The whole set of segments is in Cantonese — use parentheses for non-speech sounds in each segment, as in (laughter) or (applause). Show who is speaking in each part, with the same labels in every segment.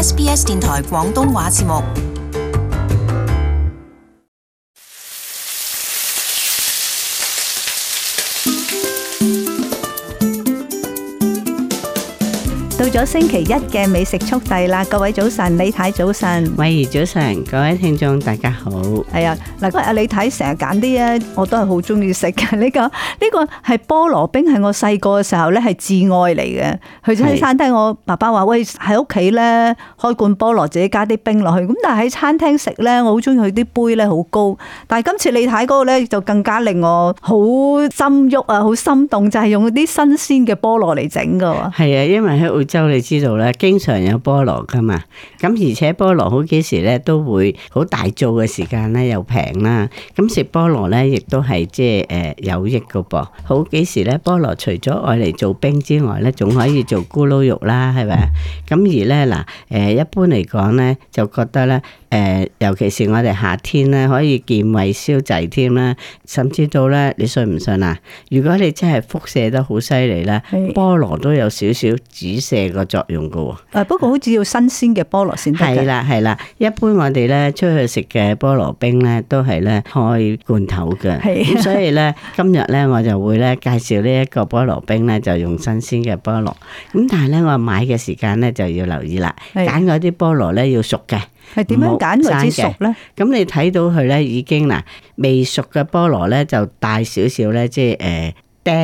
Speaker 1: SBS 電台廣東話節目。咗星期一嘅美食速遞啦！各位早晨，李太早晨，
Speaker 2: 美儀早晨，各位聽眾大家好。
Speaker 1: 係啊，嗱，阿李太成日揀啲咧，我都係好中意食嘅。呢個呢個係菠蘿冰，係我細個嘅時候咧係至愛嚟嘅。去喺餐廳我爸爸話喂，喺屋企咧開罐菠蘿自己加啲冰落去，咁但係喺餐廳食咧我好中意佢啲杯咧好高。但係今次李太嗰個咧就更加令我好心喐啊，好心動就係用啲新鮮嘅菠蘿嚟整噶。
Speaker 2: 係啊，因為喺澳洲。你知道咧，經常有菠蘿㗎嘛，咁而且菠蘿好幾時咧都會好大做嘅時間咧又平啦，咁食菠蘿咧亦都係即係誒有益㗎噃。好幾時咧菠蘿除咗愛嚟做冰之外咧，仲可以做咕嚕肉啦，係咪？咁而咧嗱誒，一般嚟講咧就覺得咧。誒、呃，尤其是我哋夏天咧，可以健胃消滯添啦，甚至到咧，你信唔信啊？如果你真係輻射得好犀利啦，的菠蘿都有少少止瀉個作用噶喎、
Speaker 1: 哦啊。不過好似要新鮮嘅菠蘿先得啦，
Speaker 2: 係啦，一般我哋咧出去食嘅菠蘿冰咧，都係咧開罐頭嘅。是的 (laughs) 所以咧，今日咧我就會咧介紹呢一個菠蘿冰咧，就用新鮮嘅菠蘿。咁但係咧，我買嘅時間咧就要留意啦，揀嗰啲菠蘿咧要熟嘅。的 (laughs) 係點樣揀為之熟咧？咁你睇到佢咧，已經嗱未熟嘅菠蘿咧，就大少少咧，即係誒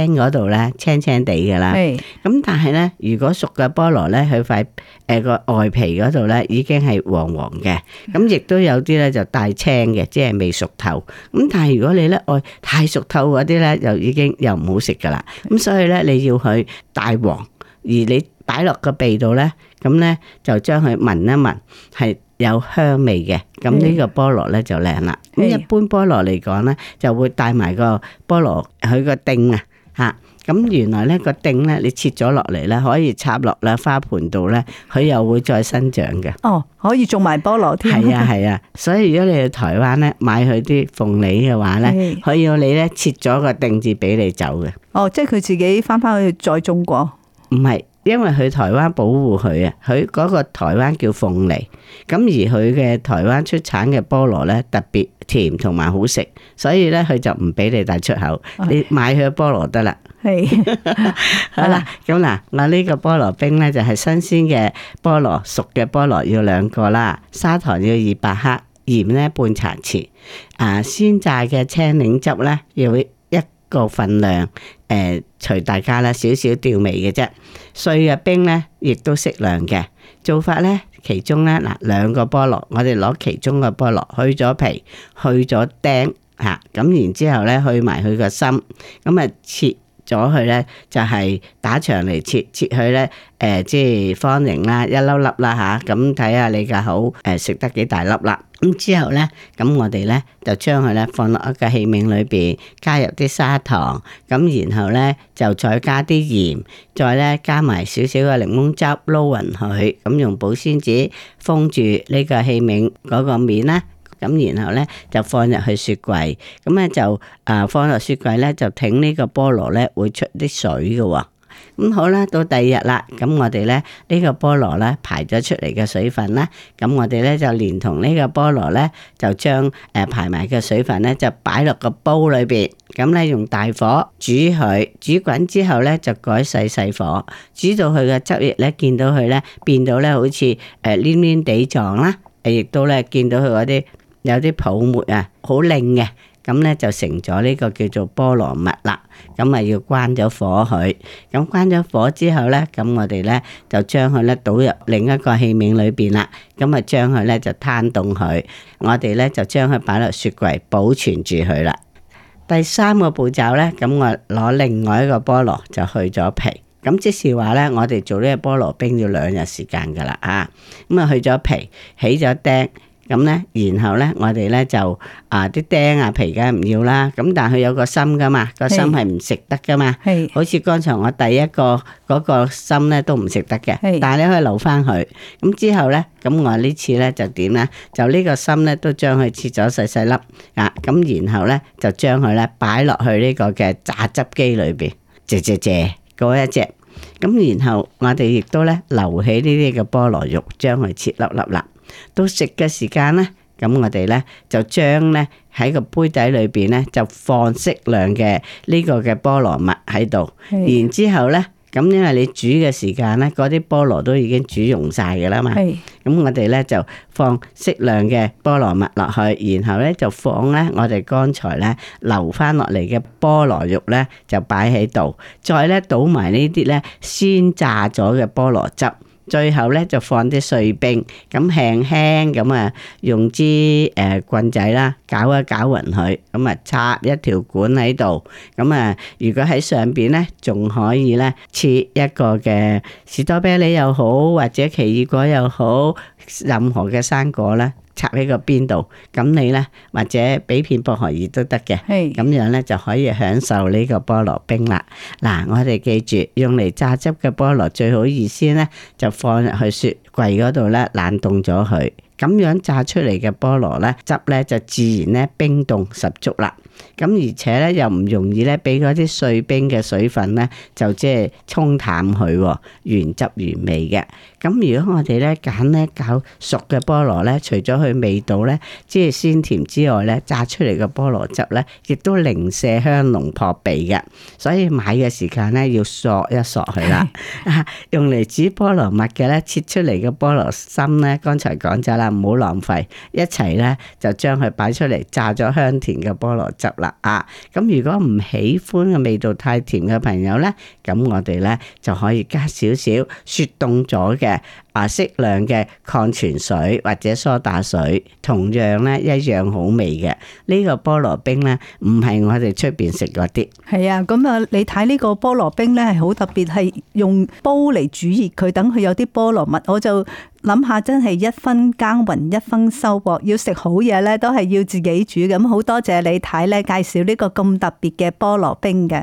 Speaker 2: 釘嗰度咧，青青地嘅啦。係。咁但係咧，如果熟嘅菠蘿咧，佢塊誒個外皮嗰度咧，已經係黃黃嘅。咁亦都有啲咧就帶青嘅，即係未熟透。咁但係如果你咧愛太熟透嗰啲咧，又已經又唔好食噶啦。咁所以咧，你要去大黃，而你擺落個鼻度咧，咁咧就將佢聞一聞，係。有香味嘅，咁呢個菠蘿咧就靚啦。咁的一般菠蘿嚟講咧，就會帶埋個菠蘿佢個頂啊，吓，咁原來咧個頂咧你切咗落嚟咧，可以插落啦花盆度咧，佢又會再生長嘅。
Speaker 1: 哦，可以種埋菠蘿添。係啊係
Speaker 2: 啊，所以如果你台灣去台灣咧買佢啲鳳梨嘅話咧，佢的要你咧切咗個頂至俾你走嘅。哦，即係佢自己翻翻去再種過。唔係。因為佢台灣保護佢啊，佢嗰個台灣叫鳳梨，咁而佢嘅台灣出產嘅菠蘿咧特別甜同埋好食，所以咧佢就唔俾你帶出口，你買佢菠蘿得啦。係，好啦，咁嗱，嗱呢個菠蘿冰咧就係新鮮嘅菠蘿，熟嘅菠蘿要兩個啦，砂糖要二百克，鹽咧半茶匙，啊鮮榨嘅青檸汁咧要一個份量。誒、隨、呃、大家啦，少少調味嘅啫。碎嘅冰咧，亦都適量嘅做法咧，其中咧嗱，兩個菠蘿，我哋攞其中個菠蘿，去咗皮，去咗釘吓，咁、啊、然之後咧，去埋佢個心，咁啊切。咗佢呢，就係、是、打長嚟切切去呢，誒、呃、即係方形啦，一粒粒啦嚇，咁、啊、睇下你嘅口誒、呃、食得幾大粒啦。咁、嗯、之後呢，咁我哋呢，就將佢呢放落一個器皿裏邊，加入啲砂糖，咁然後呢，就再加啲鹽，再呢加埋少少嘅檸檬汁撈勻佢，咁用保鮮紙封住呢個器皿嗰個面呢。咁然後咧就放入去雪櫃，咁咧就啊放落雪櫃咧就挺呢個菠蘿咧會出啲水嘅喎、哦，咁好啦，到第二日啦，咁我哋咧呢、呢個菠蘿咧排咗出嚟嘅水分啦。咁我哋咧就連同呢個菠蘿咧就將誒、呃、排埋嘅水分咧就擺落個煲裏邊，咁咧用大火煮佢，煮滾之後咧就改細細火，煮到佢嘅汁液咧見到佢咧變到咧好似誒、呃、黏黏地狀啦，亦、啊、都咧見到佢嗰啲。有啲泡沫啊，好靚嘅，咁咧就成咗呢個叫做菠蘿蜜啦。咁啊要關咗火佢，咁關咗火之後咧，咁我哋咧就將佢咧倒入另一個器皿裏邊啦。咁啊將佢咧就攤凍佢，我哋咧就將佢擺落雪櫃保存住佢啦。第三個步驟咧，咁我攞另外一個菠蘿就去咗皮。咁即是話咧，我哋做呢個菠蘿冰要兩日時間噶啦啊。咁啊去咗皮，起咗釘。咁咧，然後咧，我哋咧就啊啲釘啊皮梗唔要啦。咁但係佢有個心噶嘛，是個心係唔食得噶嘛。係是。好似剛才我第一個嗰個心咧都唔食得嘅。係是。但係你可以留翻佢。咁之後咧，咁我呢次咧就點咧？就呢個心咧都將佢切咗細細粒啊。咁然後咧就將佢咧擺落去呢個嘅榨汁機裏邊，藉藉藉嗰一隻。咁然後我哋亦都咧留起呢啲嘅菠蘿肉，將佢切粒粒啦。到食嘅時間呢，咁我哋呢，就將呢喺個杯底裏邊呢，就放適量嘅是的 呢個嘅菠蘿蜜喺度，然之後呢，咁因為你煮嘅時間呢，嗰啲菠蘿都已經煮溶晒噶啦嘛，咁是的 我哋呢，就放適量嘅菠蘿蜜落去，然後呢，就放呢我哋剛才呢留翻落嚟嘅菠蘿肉呢，就擺喺度，再呢倒埋呢啲呢鮮榨咗嘅菠蘿汁。最後咧就放啲碎冰，咁輕輕咁啊，用支誒棍仔啦，攪一攪勻佢，咁啊插一條管喺度，咁啊如果喺上邊咧仲可以咧切一個嘅士多啤梨又好，或者奇異果又好，任何嘅生果咧。插喺個邊度，咁你咧或者俾片薄荷葉都得嘅，咁 Hey. 樣咧就可以享受呢個菠蘿冰啦。嗱，我哋記住用嚟榨汁嘅菠蘿最好意思呢，預先咧就放入去雪櫃嗰度咧冷凍咗佢。咁樣炸出嚟嘅菠蘿咧，汁咧就自然咧冰凍十足啦。咁而且咧又唔容易咧俾嗰啲碎冰嘅水分咧，就即係沖淡佢原汁原味嘅。咁如果我哋咧揀咧較熟嘅菠蘿咧，除咗佢味道咧即係鮮甜之外咧，炸出嚟嘅菠蘿汁咧亦都零舍香濃撲鼻嘅。所以買嘅時間咧要索一索佢啦。 (laughs) 用嚟煮菠蘿蜜嘅咧，切出嚟嘅菠蘿芯咧，剛才講咗啦。唔好浪費，一齊咧就將佢擺出嚟炸咗香甜嘅菠蘿汁啦啊！咁如果唔喜歡嘅味道太甜嘅朋友咧，咁我哋咧就可以加少少雪凍咗嘅。啊，適量嘅礦泉水或者梳打水，同樣咧一樣好味嘅。呢個菠蘿冰咧，唔係我哋出邊食嗰啲。
Speaker 1: 係啊，咁啊，你睇呢個菠蘿冰咧係好特別，係用煲嚟煮熱佢，等佢有啲菠蘿蜜。我就諗下，真係一分耕耘一分收穫，要食好嘢咧，都係要自己煮。咁好多謝李太咧，介紹呢個咁特別嘅菠蘿冰嘅。